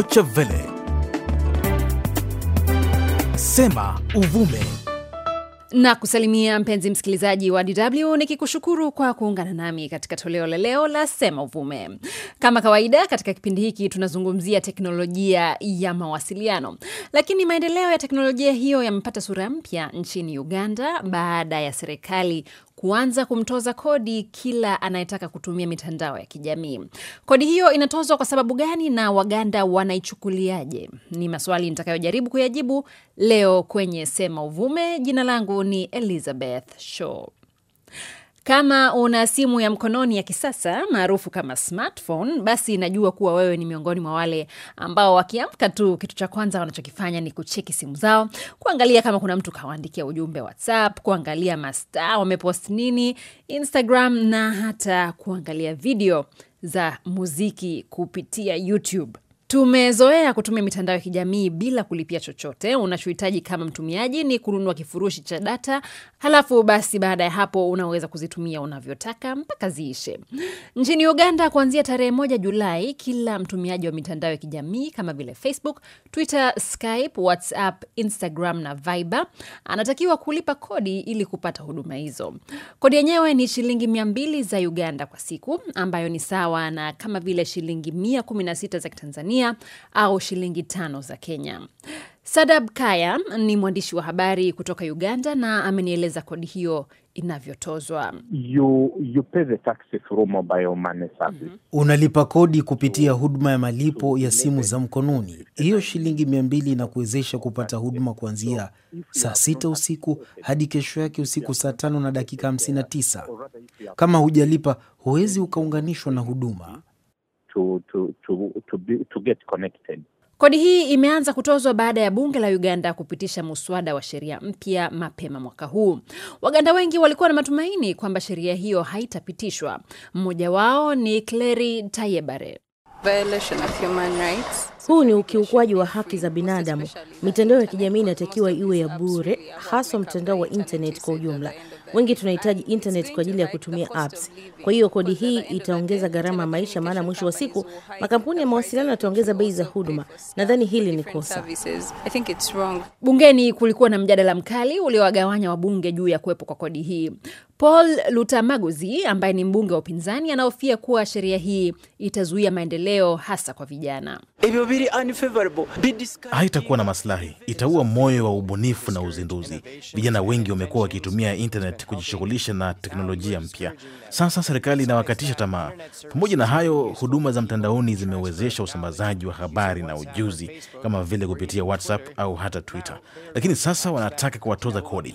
Deutsche Welle. Sema Uvume. Na kusalimia mpenzi msikilizaji wa DW nikikushukuru kwa kuungana nami katika toleo la leo la Sema Uvume. Kama kawaida katika kipindi hiki tunazungumzia teknolojia ya mawasiliano, lakini maendeleo ya teknolojia hiyo yamepata sura mpya nchini Uganda baada ya serikali kuanza kumtoza kodi kila anayetaka kutumia mitandao ya kijamii. Kodi hiyo inatozwa kwa sababu gani na Waganda wanaichukuliaje? Ni maswali nitakayojaribu kuyajibu leo kwenye Sema Uvume. Jina langu ni Elizabeth Shaw. Kama una simu ya mkononi ya kisasa maarufu kama smartphone, basi najua kuwa wewe ni miongoni mwa wale ambao wakiamka tu kitu cha kwanza wanachokifanya ni kucheki simu zao, kuangalia kama kuna mtu kawaandikia ujumbe WhatsApp, kuangalia mastaa wamepost nini Instagram, na hata kuangalia video za muziki kupitia YouTube. Tumezoea kutumia mitandao ya kijamii bila kulipia chochote. Unachohitaji kama mtumiaji ni kununua kifurushi cha data, halafu basi baada ya hapo unaweza kuzitumia unavyotaka mpaka ziishe. Nchini Uganda, kuanzia tarehe moja Julai, kila mtumiaji wa mitandao ya kijamii kama vile Facebook, Twitter, Skype, WhatsApp, Instagram na Viber anatakiwa kulipa kodi ili kupata huduma hizo. Kodi yenyewe ni shilingi mia mbili za Uganda kwa siku, ambayo ni sawa na kama vile shilingi mia kumi na sita za Kitanzania Tanzania au shilingi tano za Kenya. Sadab Kaya ni mwandishi wa habari kutoka Uganda na amenieleza kodi hiyo inavyotozwa. You, you pay the taxes through mobile money service. Mm -hmm. Unalipa kodi kupitia huduma ya malipo ya simu za mkononi. Hiyo shilingi mia mbili inakuwezesha kupata huduma kuanzia saa sita usiku hadi kesho yake usiku saa tano na dakika hamsini na tisa. Kama hujalipa huwezi ukaunganishwa na huduma to, to, to, to, be, to get connected. Kodi hii imeanza kutozwa baada ya bunge la Uganda kupitisha muswada wa sheria mpya mapema mwaka huu. Waganda wengi walikuwa na matumaini kwamba sheria hiyo haitapitishwa. Mmoja wao ni Clery Tayebare. Huu ni ukiukwaji wa haki za binadamu. Mitandao ya kijamii inatakiwa iwe ya bure, haswa mtandao wa internet kwa ujumla. Wengi tunahitaji internet kwa ajili ya kutumia apps. Kwa hiyo kodi hii itaongeza gharama maisha, maana mwisho wa siku makampuni ya mawasiliano yataongeza bei za huduma. Nadhani hili ni kosa. Bungeni kulikuwa na mjadala mkali uliowagawanya wabunge juu ya kuwepo kwa kodi hii. Paul Lutamaguzi ambaye ni mbunge wa upinzani anahofia kuwa sheria hii itazuia maendeleo hasa kwa vijana. Haitakuwa na maslahi, itaua moyo wa ubunifu na uzinduzi. Vijana wengi wamekuwa wakitumia internet kujishughulisha na teknolojia mpya, sasa serikali inawakatisha tamaa. Pamoja na hayo, huduma za mtandaoni zimewezesha usambazaji wa habari na ujuzi kama vile kupitia WhatsApp au hata Twitter, lakini sasa wanataka kuwatoza kodi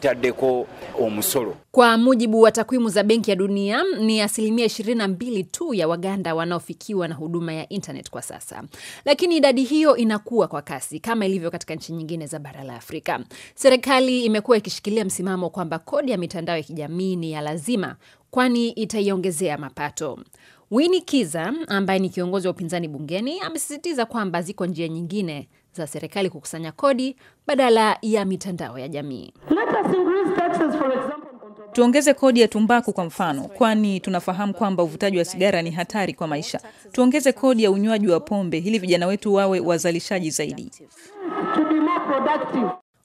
kwa mujibu mujibu wa takwimu za Benki ya Dunia, ni asilimia 22 tu ya Waganda wanaofikiwa na huduma ya intnet kwa sasa, lakini idadi hiyo inakuwa kwa kasi kama ilivyo katika nchi nyingine za bara la Afrika. Serikali imekuwa ikishikilia msimamo kwamba kodi ya mitandao ya kijamii ni ya lazima, kwani itaiongezea mapato. wini Kiza ambaye ni kiongozi wa upinzani bungeni amesisitiza kwamba ziko njia nyingine za serikali kukusanya kodi badala ya mitandao ya jamii. Let us Tuongeze kodi ya tumbaku kwa mfano, kwani tunafahamu kwamba uvutaji wa sigara ni hatari kwa maisha. Tuongeze kodi ya unywaji wa pombe ili vijana wetu wawe wazalishaji zaidi.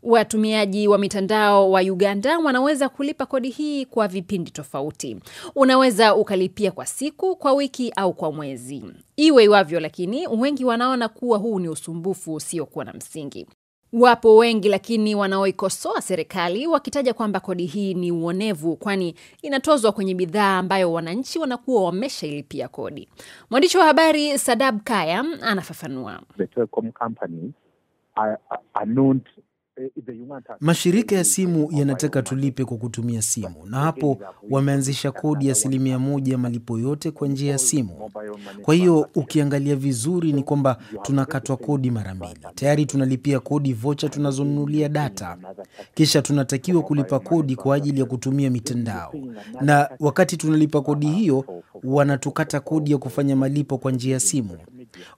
Watumiaji wa mitandao wa Uganda wanaweza kulipa kodi hii kwa vipindi tofauti. Unaweza ukalipia kwa siku, kwa wiki au kwa mwezi, iwe iwavyo. Lakini wengi wanaona kuwa huu ni usumbufu usiokuwa na msingi. Wapo wengi lakini wanaoikosoa serikali wakitaja kwamba kodi hii ni uonevu, kwani inatozwa kwenye bidhaa ambayo wananchi wanakuwa wameshailipia kodi. Mwandishi wa habari Sadab Kaya anafafanua. Mashirika ya simu yanataka tulipe kwa kutumia simu, na hapo wameanzisha kodi ya asilimia moja ya malipo yote kwa njia ya simu. Kwa hiyo ukiangalia vizuri, ni kwamba tunakatwa kodi mara mbili. Tayari tunalipia kodi vocha tunazonunulia data, kisha tunatakiwa kulipa kodi kwa ajili ya kutumia mitandao, na wakati tunalipa kodi hiyo, wanatukata kodi ya kufanya malipo kwa njia ya simu.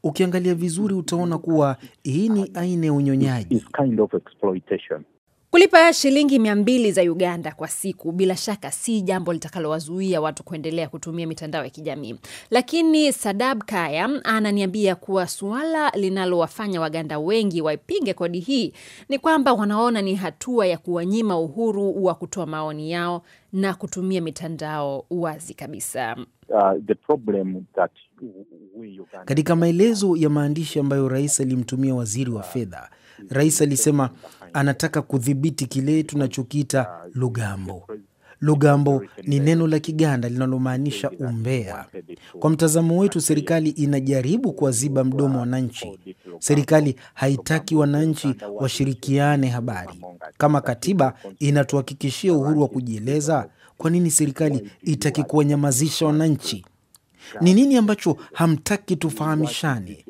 Ukiangalia vizuri, utaona kuwa hii ni aina ya unyonyaji. Kulipa shilingi mia mbili za Uganda kwa siku bila shaka si jambo litakalowazuia watu kuendelea kutumia mitandao ya kijamii, lakini Sadab Kaya ananiambia kuwa suala linalowafanya Waganda wengi waipinge kodi hii ni kwamba wanaona ni hatua ya kuwanyima uhuru wa kutoa maoni yao na kutumia mitandao wazi kabisa. Uh, the problem that katika maelezo ya maandishi ambayo rais alimtumia waziri wa fedha, rais alisema anataka kudhibiti kile tunachokiita lugambo, Lugambo ni neno la Kiganda linalomaanisha umbea. Kwa mtazamo wetu, serikali inajaribu kuwaziba mdomo wananchi. Serikali haitaki wananchi washirikiane habari. Kama katiba inatuhakikishia uhuru wa kujieleza, kwa nini serikali itaki kuwanyamazisha wananchi? Ni nini ambacho hamtaki tufahamishane?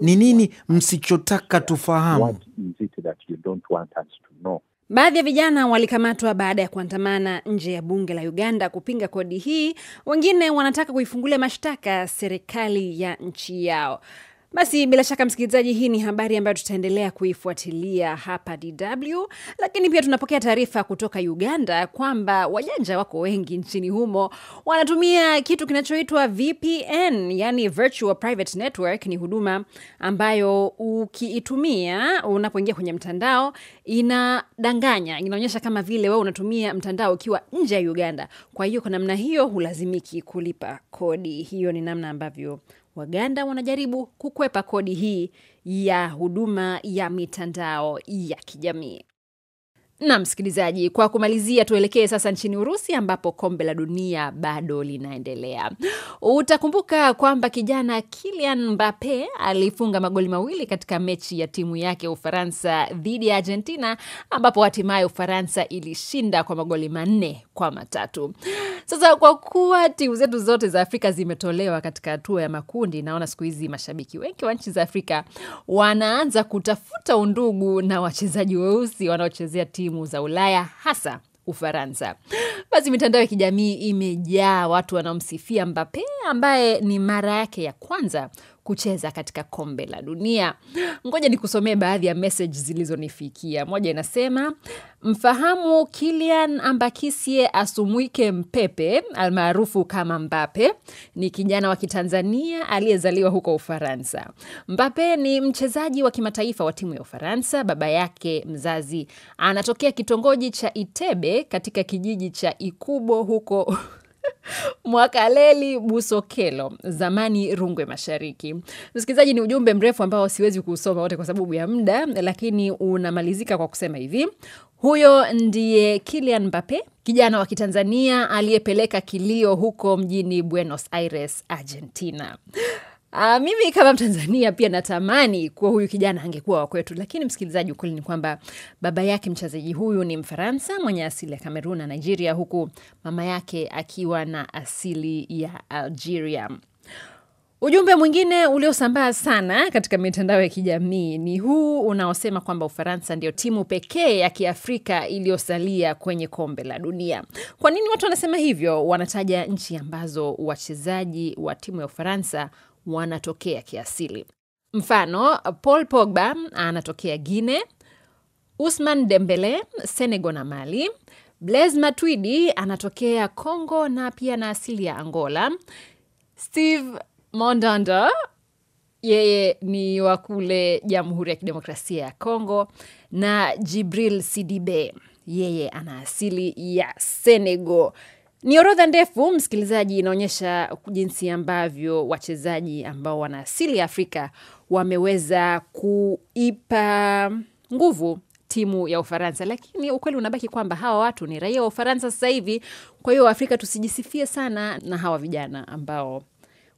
Ni nini msichotaka tufahamu? Baadhi ya vijana walikamatwa baada ya kuandamana nje ya bunge la Uganda kupinga kodi hii. Wengine wanataka kuifungulia mashtaka serikali ya nchi yao. Basi bila shaka msikilizaji, hii ni habari ambayo tutaendelea kuifuatilia hapa DW, lakini pia tunapokea taarifa kutoka Uganda kwamba wajanja wako wengi nchini humo wanatumia kitu kinachoitwa VPN, yani virtual private network. Ni huduma ambayo ukiitumia unapoingia kwenye mtandao inadanganya, inaonyesha kama vile wewe unatumia mtandao ukiwa nje ya Uganda. Kwa hiyo kwa namna hiyo hulazimiki kulipa kodi. Hiyo ni namna ambavyo Waganda wanajaribu kukwepa kodi hii ya huduma ya mitandao ya kijamii. Na msikilizaji, kwa kumalizia, tuelekee sasa nchini Urusi ambapo kombe la dunia bado linaendelea. Utakumbuka kwamba kijana kilian mbape alifunga magoli mawili katika mechi ya timu yake ya Ufaransa dhidi ya Argentina, ambapo hatimaye Ufaransa ilishinda kwa magoli manne kwa matatu. Sasa kwa kuwa timu zetu zote za Afrika zimetolewa katika hatua ya makundi, naona siku hizi mashabiki wengi wa nchi za Afrika wanaanza kutafuta undugu na wachezaji weusi wanaochezea timu timu za Ulaya, hasa Ufaransa. Basi mitandao ya kijamii imejaa watu wanaomsifia mbape ambaye ni mara yake ya kwanza kucheza katika kombe la dunia. Ngoja nikusomee baadhi ya message zilizonifikia. Moja inasema mfahamu Kylian Ambakisie Asumwike Mpepe almaarufu kama Mbape ni kijana wa Kitanzania aliyezaliwa huko Ufaransa. Mbape ni mchezaji wa kimataifa wa timu ya Ufaransa. Baba yake mzazi anatokea kitongoji cha Itebe katika kijiji cha Ikubo huko Mwakaleli Busokelo, zamani Rungwe Mashariki. Msikilizaji, ni ujumbe mrefu ambao siwezi kuusoma wote kwa sababu ya muda, lakini unamalizika kwa kusema hivi: huyo ndiye kilian mbape kijana wa Kitanzania aliyepeleka kilio huko mjini Buenos Aires, Argentina. Uh, mimi kama Mtanzania pia natamani kuwa huyu kijana angekuwa wa kwetu, lakini msikilizaji, ukweli ni kwamba baba yake mchezaji huyu ni Mfaransa mwenye asili ya Kamerun na Nigeria, huku mama yake akiwa na asili ya Algeria. Ujumbe mwingine uliosambaa sana katika mitandao ya kijamii ni huu unaosema kwamba Ufaransa ndio timu pekee ya Kiafrika iliyosalia kwenye kombe la dunia. Kwa nini watu wanasema hivyo? Wanataja nchi ambazo wachezaji wa timu ya Ufaransa wanatokea kiasili. Mfano, Paul Pogba anatokea Guine, Usman Dembele senego na Mali, Blaise Matuidi anatokea Congo na pia na asili ya Angola, Steve Mondanda yeye ni wa kule Jamhuri ya Kidemokrasia ya Kongo na Jibril Sidibe yeye ana asili ya Senegal. Ni orodha ndefu msikilizaji, inaonyesha jinsi ambavyo wachezaji ambao wana asili ya Afrika wameweza kuipa nguvu timu ya Ufaransa, lakini ukweli unabaki kwamba hawa watu ni raia wa Ufaransa sasa hivi. Kwa hiyo Waafrika tusijisifie sana na hawa vijana ambao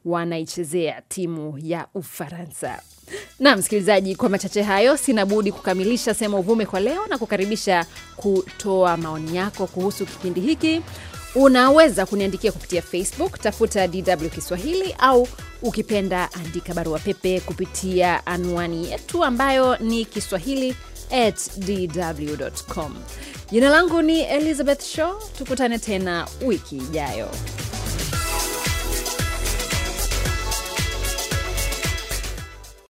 wanaichezea timu ya Ufaransa. Na msikilizaji, kwa machache hayo sina budi kukamilisha Sema Uvume kwa leo na kukaribisha kutoa maoni yako kuhusu kipindi hiki. Unaweza kuniandikia kupitia Facebook, tafuta DW Kiswahili au ukipenda andika barua pepe kupitia anwani yetu ambayo ni kiswahili at dw.com. Jina langu ni Elizabeth Shaw, tukutane tena wiki ijayo.